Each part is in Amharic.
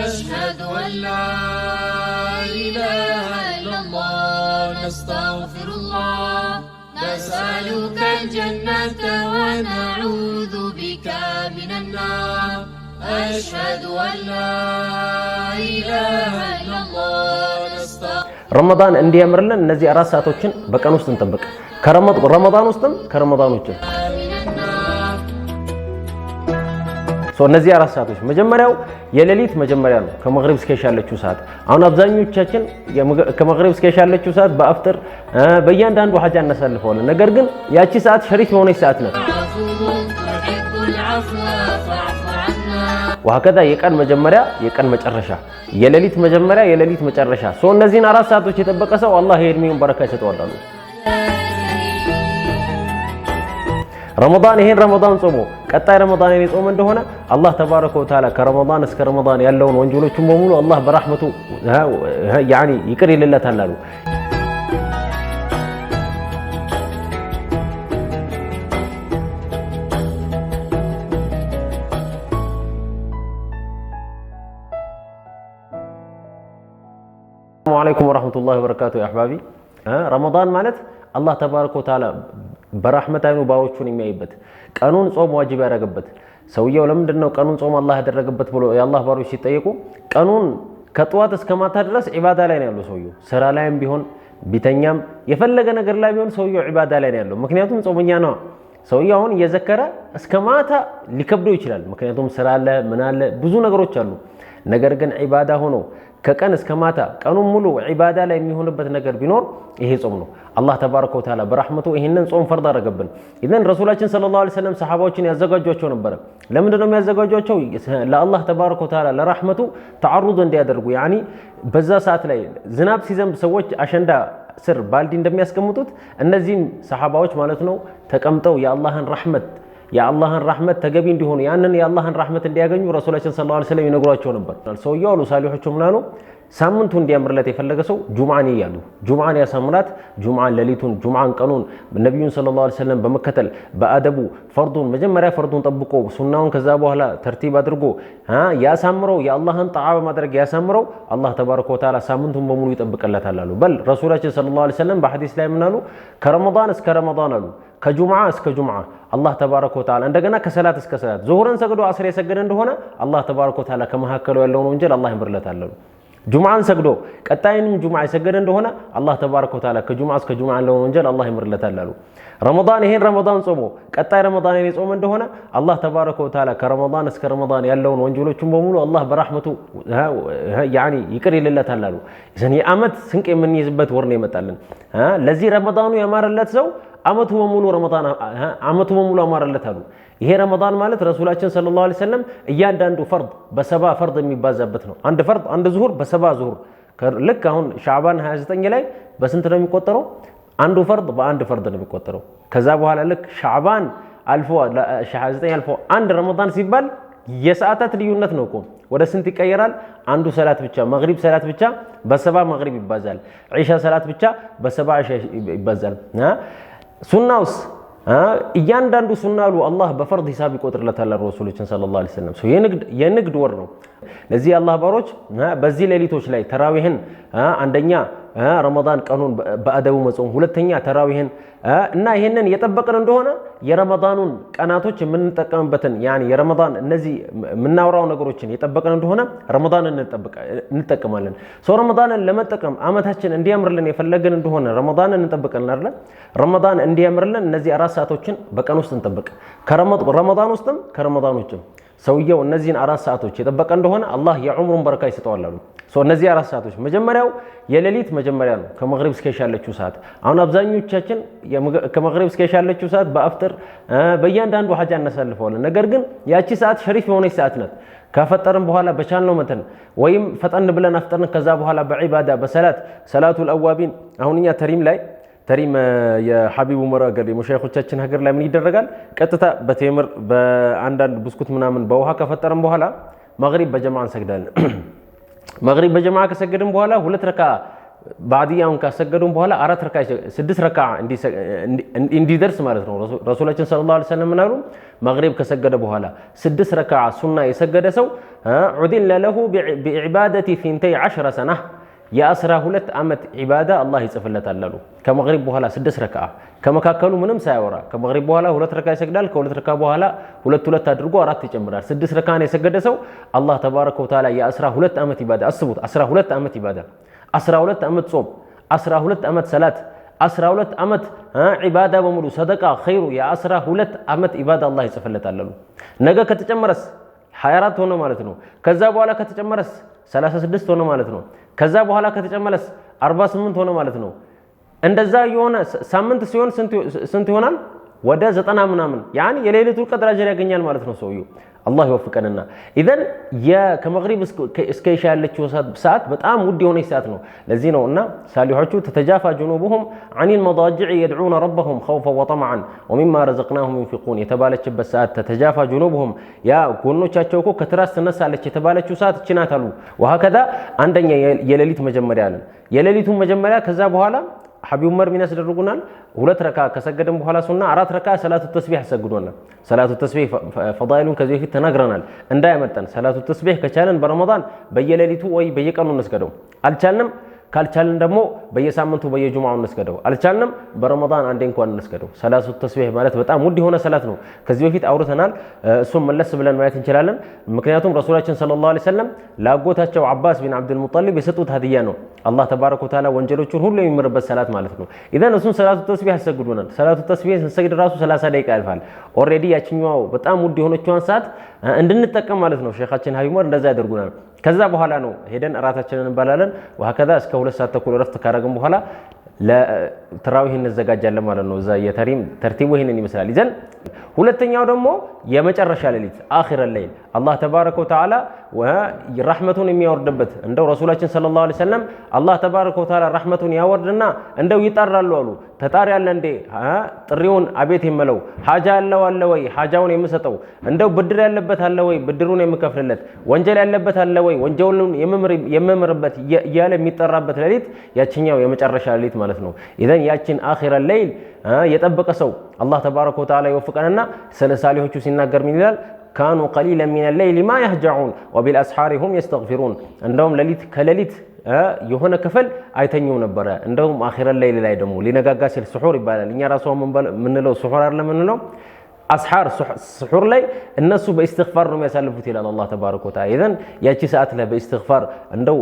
أشهد أن لا إله إلا الله نستغفر الله نسألك الجنة ونعوذ بك من النار أشهد أن لا إله إلا الله نستغفر ረመዳን እንዲያምርልን እነዚህ አራት ሰዓቶችን በቀን ውስጥ እንጠብቅ። ከረመዳን ውስጥም ከረመዳን ውጭም እነዚህ አራት ሰዓቶች መጀመሪያው የሌሊት መጀመሪያ ነው፣ ከመግሪብ እስከ ኢሻ ያለችው ሰዓት። አሁን አብዛኞቻችን ከመግሪብ እስከ ኢሻ ያለችው ሰዓት በአፍጥር በእያንዳንዱ ሀጃ እናሳልፈዋለን። ነገር ግን ያቺ ሰዓት ሸሪፍ የሆነች ሰዓት ነው። ወሀከዛ የቀን መጀመሪያ፣ የቀን መጨረሻ፣ የሌሊት መጀመሪያ፣ የሌሊት መጨረሻ። እነዚህን አራት ሰዓቶች የጠበቀ ሰው አላህ የእድሜውን በረካ ይሰጠዋል። ረመዳን ይሄን ረመዳን ጾሙ ቀጣይ ረመዳን የሚጾም እንደሆነ አላህ ተባረከ ወተዓላ ከረመዳን እስከ ረመዳን ያለውን ወንጀሎቹን በሙሉ አላህ በራህመቱ ያኒ ይቅር ይልለታል አሉ። ሰላሙ አለይኩም ወረሕመቱላሂ ወበረካቱ። አሕባቢ ረመዳን ማለት አላህ ተባረከ ወተዓላ በራህመት አይኑ ባሮቹን የሚያይበት ቀኑን ጾም ዋጅብ ያደረገበት ሰውየው ለምንድን ነው ቀኑን ጾም አላህ ያደረገበት ብሎ የአላህ ባሮች ሲጠየቁ ቀኑን ከጠዋት እስከ ማታ ድረስ ዒባዳ ላይ ነው ያለው ሰውየው። ስራ ላይም ቢሆን ቢተኛም የፈለገ ነገር ላይ ቢሆን ሰውየው ዒባዳ ላይ ነው ያለው። ምክንያቱም ጾመኛ ነው። ሰውየው አሁን እየዘከረ እስከ ማታ ሊከብደው ይችላል። ምክንያቱም ስራ አለ፣ ምን አለ፣ ብዙ ነገሮች አሉ። ነገር ግን ዒባዳ ሆኖ ከቀን እስከ ማታ ቀኑን ሙሉ ዒባዳ ላይ የሚሆንበት ነገር ቢኖር ይሄ ጾም ነው። አላህ ተባረከ ወተዓላ በራሕመቱ ይህንን ጾም ፈርድ አደረገብን። ኢዘን ረሱላችን ሰለላሁ ዐለይሂ ወሰለም ሰሓባዎችን ያዘጋጇቸው ነበረ። ለምንድን ነው የሚያዘጋጇቸው? ለአላህ ተባረከ ወተዓላ ለራሕመቱ ተዓሩድ እንዲያደርጉ ያኒ በዛ ሰዓት ላይ ዝናብ ሲዘንብ ሰዎች አሸንዳ ስር ባልዲ እንደሚያስቀምጡት እነዚህም ሰሓባዎች ማለት ነው ተቀምጠው የአላህን ራሕመት የአላህን ራህመት ተገቢ እንዲሆኑ ያንን የአላህን ራህመት እንዲያገኙ ረሱላችን ሰለላሁ ዐለይሂ ወሰለም ይነግሯቸው ነበር። ሰውየው አሉ ሳሊሖቹ ምናኑ ሳምንቱ እንዲያምርለት የፈለገ ሰው ጁምዓን እያሉ ጁምዓን ያሳምራት። ጁምዓን ሌሊቱን፣ ጁምዓን ቀኑን ነቢዩን ሰለላሁ ዐለይሂ ወሰለም በመከተል በአደቡ ፈርዱን መጀመሪያ ፈርዱን ጠብቆ ሱናውን ከዛ በኋላ ተርቲብ አድርጎ ያሳምረው። የአላህን ጣዓ በማድረግ ያሳምረው። አላህ ተባረከ ወተዓላ ሳምንቱን በሙሉ ይጠብቅለታል አሉ። በል ረሱላችን ሰለላሁ ዐለይሂ ወሰለም በሐዲስ ላይ ምን አሉ? ከረመዳን እስከ ረመዳን አሉ ከጁምዓ እስከ ጁምዓ አላህ ተባረከ ወተዓላ እንደገና ከሰላት እስከ ሰላት ዙሁርን ሰግዶ አስር የሰገደ እንደሆነ አላህ ተባረከ ወተዓላ ከመካከሉ ያለውን ወንጀል አላህ ይምርለታል አሉ። ጁምዓን ሰግዶ ቀጣይንም ጁምዓ የሰገደ እንደሆነ አላህ ተባረከ ወተዓላ ከጁምዓ እስከ ጁምዓ ያለውን ወንጀል አላህ ይምርለታል አሉ። ረመዳን ይሄን ረመዳን ጾሞ ቀጣይ ረመዳን ጾመ እንደሆነ አላህ ተባረከ ወተዓላ ከረመዳን እስከ ረመዳን ያለውን ወንጀሎችን በሙሉ አላህ በራህመቱ ያኒ ይቅር ይልለታል አሉ። የዓመት ስንቅ የምንይዝበት ወር ነው ይመጣልን። ለዚህ ረመዳኑ ያማረለት ሰው አመቱ በሙሉ ረመዳን አመቱ በሙሉ አማረለት አሉ። ይሄ ረመዳን ማለት ረሱላችን ሰለላሁ ዐለይሂ ወሰለም እያንዳንዱ ፈርድ በሰባ ፈርድ የሚባዛበት ነው። አንድ ፈርድ አንድ ዙሁር በሰባ ዙሁር ልክ አሁን ሻዕባን 29 ላይ በስንት ነው የሚቆጠረው? አንዱ ፈርድ በአንድ ፈርድ ነው የሚቆጠረው። ከዛ በኋላ ልክ ሻዕባን አልፎ 29 አልፎ አንድ ረመዳን ሲባል የሰዓታት ልዩነት ነው እኮ ወደ ስንት ይቀየራል? አንዱ ሰላት ብቻ መግሪብ ሰላት ብቻ በሰባ መግሪብ ይባዛል። ዒሻ ሰላት ብቻ በሰባ ዒሻ ይባዛል። ሱናውስ እያንዳንዱ ሱና አሉ አላህ በፈርድ ሂሳብ ይቆጥርለታል። ረሱሎችን ሰለላሁ ዐለይሂ ወሰለም የንግድ ወር ነው። ለዚህ አላህ ባሮች በዚህ ሌሊቶች ላይ ተራዊህን አንደኛ ረመዳን ቀኑን በአደቡ መጾም፣ ሁለተኛ ተራዊህን እና ይህንን የጠበቅን እንደሆነ የረመዳኑን ቀናቶች የምንጠቀምበትን የረመዳን እነዚህ የምናውራው ነገሮችን የጠበቅን እንደሆነ ረመዳንን እንጠቀማለን። ሰው ረመዳንን ለመጠቀም አመታችን እንዲያምርልን የፈለግን እንደሆነ ረመዳንን እንጠብቅልን አለ ረመዳን እንዲያምርልን እነዚህ አራት ሰዓቶችን በቀን ውስጥ እንጠብቅ። ከረመዳን ውስጥም ከረመዳን ውጭም ሰውየው እነዚህን አራት ሰዓቶች የጠበቀ እንደሆነ አላህ የዑምሩን በረካ ይሰጠዋል አሉ። እነዚህ አራት ሰዓቶች መጀመሪያው የሌሊት መጀመሪያ ነው፣ ከመግሪብ እስከ ኢሻ ያለችው ሰዓት። አሁን አብዛኞቻችን ከመግሪብ እስከ ኢሻ ያለችው ሰዓት በአፍጥር በእያንዳንዱ ሀጃ እናሳልፈዋለን። ነገር ግን ያቺ ሰዓት ሸሪፍ የሆነች ሰዓት ናት። ከፈጠርን በኋላ በቻልነው መተን ወይም ፈጠን ብለን አፍጠርን፣ ከዛ በኋላ በዒባዳ በሰላት ሰላቱል አዋቢን አሁን እኛ ተሪም ላይ ተሪም የሀቢቡ መረገድ ሀገር የመሻይኮቻችን ሀገር ላይ ምን ይደረጋል? ቀጥታ በቴምር በአንዳንድ ብስኩት ምናምን በውሃ ከፈጠርን በኋላ መግሪብ በጀማ እንሰግዳለን። መግሪብ በጀማ ከሰገድን በኋላ ሁለት ረካ ባዲያውን ካሰገዱን በኋላ አራት ረካ ስድስት ረካ እንዲደርስ ማለት ነው። ረሱላችን ሰለላሁ ዐለይሂ ወሰለም ምናሉ መግሪብ ከሰገደ በኋላ ስድስት ረካ ሱና የሰገደ ሰው ዑድለ ለሁ ቢዕባደቲ ፊንተይ ዐሽረ ሰና የአስራ ሁለት ዓመት ዒባዳ አላህ ይጽፍለታል አሉ። ከመግሪብ በኋላ ስድስት ረክዓ ከመካከሉ ምንም ሳያወራ ከመግሪብ በኋላ ሁለት ረካ ይሰግዳል። ከሁለት ረካ በኋላ ሁለት ሁለት አድርጎ አራት ይጨምራል። ስድስት ረካን የሰገደ ሰው አላህ ተባረከ ወተዓላ የአስራ ሁለት ዓመት ዒባዳ አስቡት። አስራ ሁለት ዓመት ዒባዳ፣ አስራ ሁለት ዓመት ጾም፣ አስራ ሁለት ዓመት ሰላት፣ አስራ ሁለት ዓመት ዒባዳ በሙሉ ሰደቃ፣ ኸይሩ የአስራ ሁለት ዓመት ዒባዳ አላህ ይጽፍለታል አሉ። ነገ ከተጨመረስ 24 ሆነ ማለት ነው። ከዛ በኋላ ከተጨመረስ 36 ሆነ ማለት ነው። ከዛ በኋላ ከተጨመረስ 48 ሆነ ማለት ነው። እንደዛ የሆነ ሳምንት ሲሆን ስንት ይሆናል? ወደ ዘጠና ምናምን ያን የሌሊቱን ቀድር አጀር ያገኛል ማለት ነው ሰውየው። الله يوفقنا لنا اذا يا كمغرب اسكيشا لك ساعات بتام ودي هوني ساعات نو لذي نو تتجافى جنوبهم عن المضاجع يدعون ربهم خوفا وطمعا ومما رزقناهم ينفقون يتبالك بساعات تتجافى جنوبهم يا كونو تشاچوكو كتراس تنسى لك يتبالك ساعات تشناتلو وهكذا عندنا يلليت مجمريا يلليت مجمريا كذا بهالا حبي عمر من اسد الرقنا ولت ركع كسجد بحال سنة عرات ركع صلاة التسبيح سجدونا صلاة التسبيح فضائل كذي في تنقرنا ان دائما صلاة التسبيح كشالن برمضان بيجي ليلته وي بيجي كانوا نسجدون الشالن ካልቻልን ደግሞ በየሳምንቱ በየጁማው እንስገደው። አልቻልንም በረመዳን አንዴ እንኳን እንስገደው። ሰላሱ ተስቢህ ማለት በጣም ውድ የሆነ ሰላት ነው። ከዚህ በፊት አውርተናል። እሱም መለስ ብለን ማየት እንችላለን። ምክንያቱም ረሱላችን ሰለላሁ ዐለይሂ ወሰለም ላጎታቸው አባስ ቢን አብዱልሙጠሊብ የሰጡት ሀዲያ ነው። አላህ ተባረከ ወተዓላ ወንጀሎቹን ሁሉ የሚምርበት ሰላት ማለት ነው። ኢዘን እሱን ሰላቱ ተስቢህ አሰግዱናል። ሰላቱ ተስቢህ ስንሰግድ ራሱ 30 ደቂቃ ያልፋል። ኦልሬዲ ያችኛው በጣም ውድ የሆነችዋን ሰዓት እንድንጠቀም ማለት ነው። ሼካችን ሀቢብ ዑመር እንደዛ ያደርጉናል። ከዛ በኋላ ነው ሄደን እራታችንን እንበላለን። ከዛ እስከ ሁለት ሰዓት ተኩል እረፍት ካደረግን በኋላ ለትራዊህ እንዘጋጃለን ማለት ነው። እዛ የተሪም ተርቲቡ ይህንን ይመስላል። ይዘን ሁለተኛው ደግሞ የመጨረሻ ሌሊት አኺረ ሌይል አላህ ተባረከ ወተዓላ ራሕመቱን የሚያወርድበት እንደው ረሱላችን ሰለላሁ ዐለይሂ ወሰለም አላህ ተባረከ ወተዓላ ራሕመቱን ያወርድና እንደው ይጠራሉ አሉ ተጣሪ አለ እንዴ? ጥሪውን አቤት የምለው ሀጃ ያለው አለ ወይ? ሀጃውን የምሰጠው እንደው ብድር ያለበት አለ ወይ? ብድሩን የምከፍልለት ወንጀል ያለበት አለ ወይ? ወንጀሉን የምምርበት እያለ የሚጠራበት ሌሊት ያችኛው የመጨረሻ ሌሊት ማለት ነው። ኢዘን ያችን አኺረ ሌይል የጠበቀ ሰው አላህ ተባረከ ወተዓላ ይወፍቀንና ስለ ሳሊሆቹ ሲናገር ምን ይላል? كانوا قليلا من الليل ما يهجعون وبالاسحار هم يستغفرون عندهم لليت كلليت آه، يهنا كفل ايتنيو نبرا عندهم اخر الليل لا يدموا لنغاغا سحور يبالا لنيا راسو من بل سحور ارلمن አስሓር ስሑር ላይ እነሱ በእስትግፋር ነው የሚያሳልፉት ይላል አላህ ተባረከ ወተዓላ። ኢዘን ያቺ ሰዓት ላይ በእስትግፋር እንደው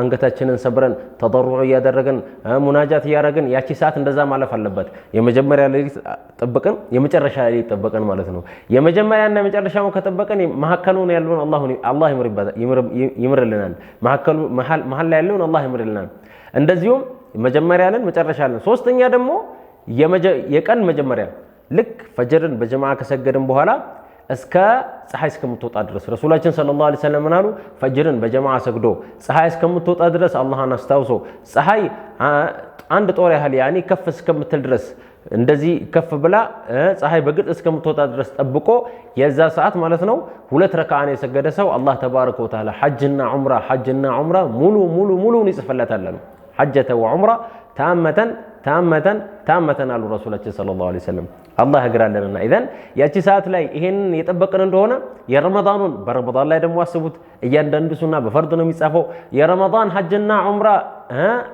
አንገታችንን ሰብረን ተጠሩዑ እያደረግን ሙናጃት እያደረግን ያቺ ሰዓት እንደዛ ማለፍ አለባት። የመጀመሪያ ሌሊት ጠበቅን፣ የመጨረሻ ሌሊት ጠበቅን ማለት ነው። የመጀመሪያና የመጨረሻውን ከጠበቅን መሀከሉን ያለውን አላህ ይምርልናል። መሀል ላይ ያለውን አላህ ይምርልናል። እንደዚሁም መጀመሪያ ለን መጨረሻ ለን ሶስተኛ ደግሞ የቀን መጀመሪያ ልክ ፈጅርን በጀማ ከሰገድን በኋላ እስከ ፀሐይ እስከምትወጣ ድረስ ረሱላችን ሰለላሁ ዐለይሂ ወሰለም ምናሉ? ፈጅርን በጀማ ሰግዶ ፀሐይ እስከምትወጣ ድረስ አላህን አስታውሶ ፀሐይ አንድ ጦር ያህል ያኔ ከፍ እስከምትል ድረስ እንደዚህ ከፍ ብላ ፀሐይ በግልጽ እስከምትወጣ ድረስ ጠብቆ የዛ ሰዓት ማለት ነው ሁለት ረካዓን የሰገደ ሰው አላህ ተባረከ ወተዓላ ሐጅና ዑምራ ሐጅና ዑምራ ሙሉ ሙሉ ሙሉን ይጽፈለታል አሉ ሐጀተ ወዑምራ ተአመተን ታመተን ታመተን አሉ ረሱላችን ሰለላሁ ዐለይሂ ወሰለም። አላህ እግራለንና ኢዘን ያቺ ሰዓት ላይ ይሄንን የጠበቅን እንደሆነ የረመዳኑን በረመዳን ላይ ደግሞ አስቡት። እያንዳንዱ ሱና በፈርድ ነው የሚጻፈው። የረመዳን ሐጅና ዑምራ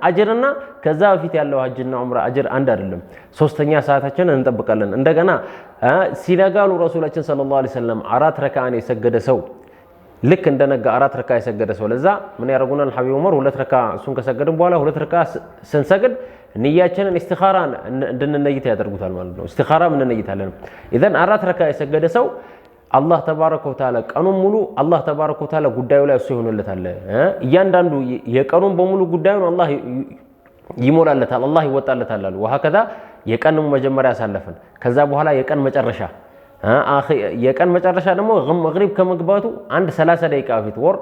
አጅርና ከዛ በፊት ያለው ሐጅና ዑምራ አጅር አንድ አይደለም። ሶስተኛ ሰዓታችንን እንጠብቃለን። እንደገና ሲነጋሉ ረሱላችን ሰለላሁ ዐለይሂ ወሰለም አራት ረካዓን የሰገደ ሰው ልክ እንደነጋ አራት ረካ የሰገደ ሰው ለዛ ምን ያደርጉናል? ሐቢብ ዑመር ሁለት ረካ እሱን ከሰገድን በኋላ ሁለት ረካ ስንሰግድ ንያችንን ኢስቲኻራ እንድንነይት ያደርጉታል ማለት ነው። ኢስቲኻራ እንነይታለን። ኢዘን አራት ረካ የሰገደ ሰው አላህ ተባረከ ወተዓላ ቀኑን ሙሉ አላህ ተባረከ ወተዓላ ጉዳዩ ላይ እሱ ይሆንለታል። እያንዳንዱ የቀኑን በሙሉ ጉዳዩን አላህ ይሞላለታል፣ አላህ ይወጣለታል አሉ። ወሀከዛ የቀን መጀመሪያ አሳለፍን፣ ከዛ በኋላ የቀን መጨረሻ የቀን መጨረሻ ደግሞ መግሪብ ከመግባቱ አንድ 30 ደቂቃ በፊት ወር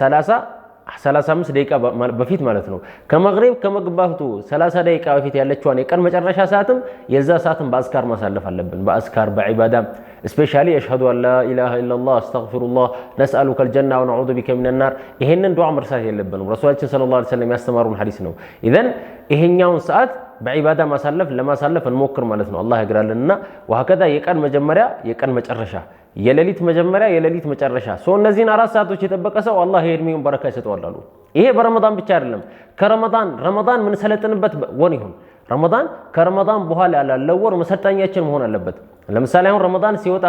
35 ደቂቃ በፊት ማለት ነው። ከመግሪብ ከመግባቱ 30 ደቂቃ በፊት ያለችዋን የቀን መጨረሻ ሰዓትም የዛ ሰዓትም በአስካር ማሳለፍ አለብን። በአስካር በዒባዳ እስፔሻሊ አሽሀዱ አን ላ ኢላሃ አስተግፊሩላህ ነስአሉከ ልጀና ወነዑዙ ቢከ ሚነናር ይሄንን ዱዓ መርሳት የለብንም። ረሱላችን ሰለላሁ ዐለይሂ ወሰለም ያስተማሩን ሐዲስ ነው። ኢዘን ይሄኛውን ሰዓት በዒባዳ ማሳለፍ ለማሳለፍ እንሞክር ማለት ነው። አላህ ያግራልን እና ወሀከዛ የቀን መጀመሪያ የቀን መጨረሻ፣ የሌሊት መጀመሪያ የሌሊት መጨረሻ። ሰው እነዚህን አራት ሰዓቶች የጠበቀ ሰው አላህ የእድሜውን በረካ ይሰጠዋል አሉ። ይሄ በረመዳን ብቻ አይደለም። ከረመዳን ረመዳን ምንሰለጥንበት ወር ይሁን ረመዳን ከረመዳን በኋላ ያላለው ወር መሰልጠኛችን መሆን አለበት። ለምሳሌ አሁን ረመዳን ሲወጣ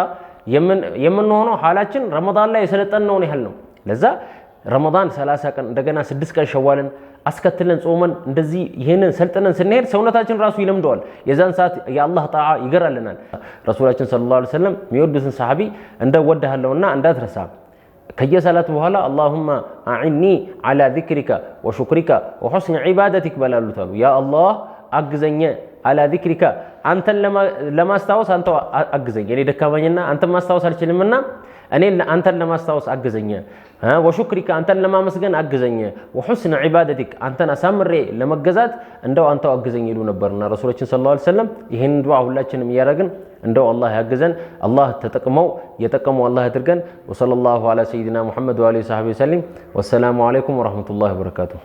የምንሆነው ሀላችን ረመዳን ላይ የሰለጠንነውን ያህል ነው። ለዛ ረመዳን 30 ቀን እንደገና ስድስት ቀን ሸዋልን አስከትለን ጾመን እንደዚህ ይህንን ሰልጥነን ስንሄድ ሰውነታችን ራሱ ይለምደዋል። የዛን ሰዓት የአላህ ጣዓ ይገራልናል። ረሱላችን ሰለላሁ ዐለይሂ ወሰለም የሚወዱትን ሰሐቢ እንደ ወድሃለሁና እንዳትረሳ ከየሰላት በኋላ አላሁማ አዕኒ ዓላ ዚክሪካ ወሹክሪካ ወሑስኒ ዒባደቲክ በላሉታሉ። ያ አላህ አግዘኘ ዓላ ዚክሪካ አንተን ለማስታወስ አንተ አግዘኝ። እኔ ደካማኝና አንተን ማስታወስ አልችልምና እኔ አንተን ለማስታወስ አግዘኝ። ወሹክሪከ አንተን ለማመስገን አግዘኝ። ወሑስን ዒባደቲክ አንተን አሳምሬ ለመገዛት እንደው አንተው አግዘኝ ይሉ ነበርና ረሱላችን ሰለላሁ ዐለይሂ ወሰለም ይህን ዱዓ ሁላችንም እያደረግን እንደው አላህ ያግዘን። አላህ ተጠቅመው የጠቀመው አላህ አድርገን ወሰለላሁ ዐላ ሰይዲና ሙሐመድ ወአሊሂ ወሰሐቢሂ ወሰለም። ወሰላሙ ዐለይኩም ወረሕመቱላሂ ወበረካቱሁ።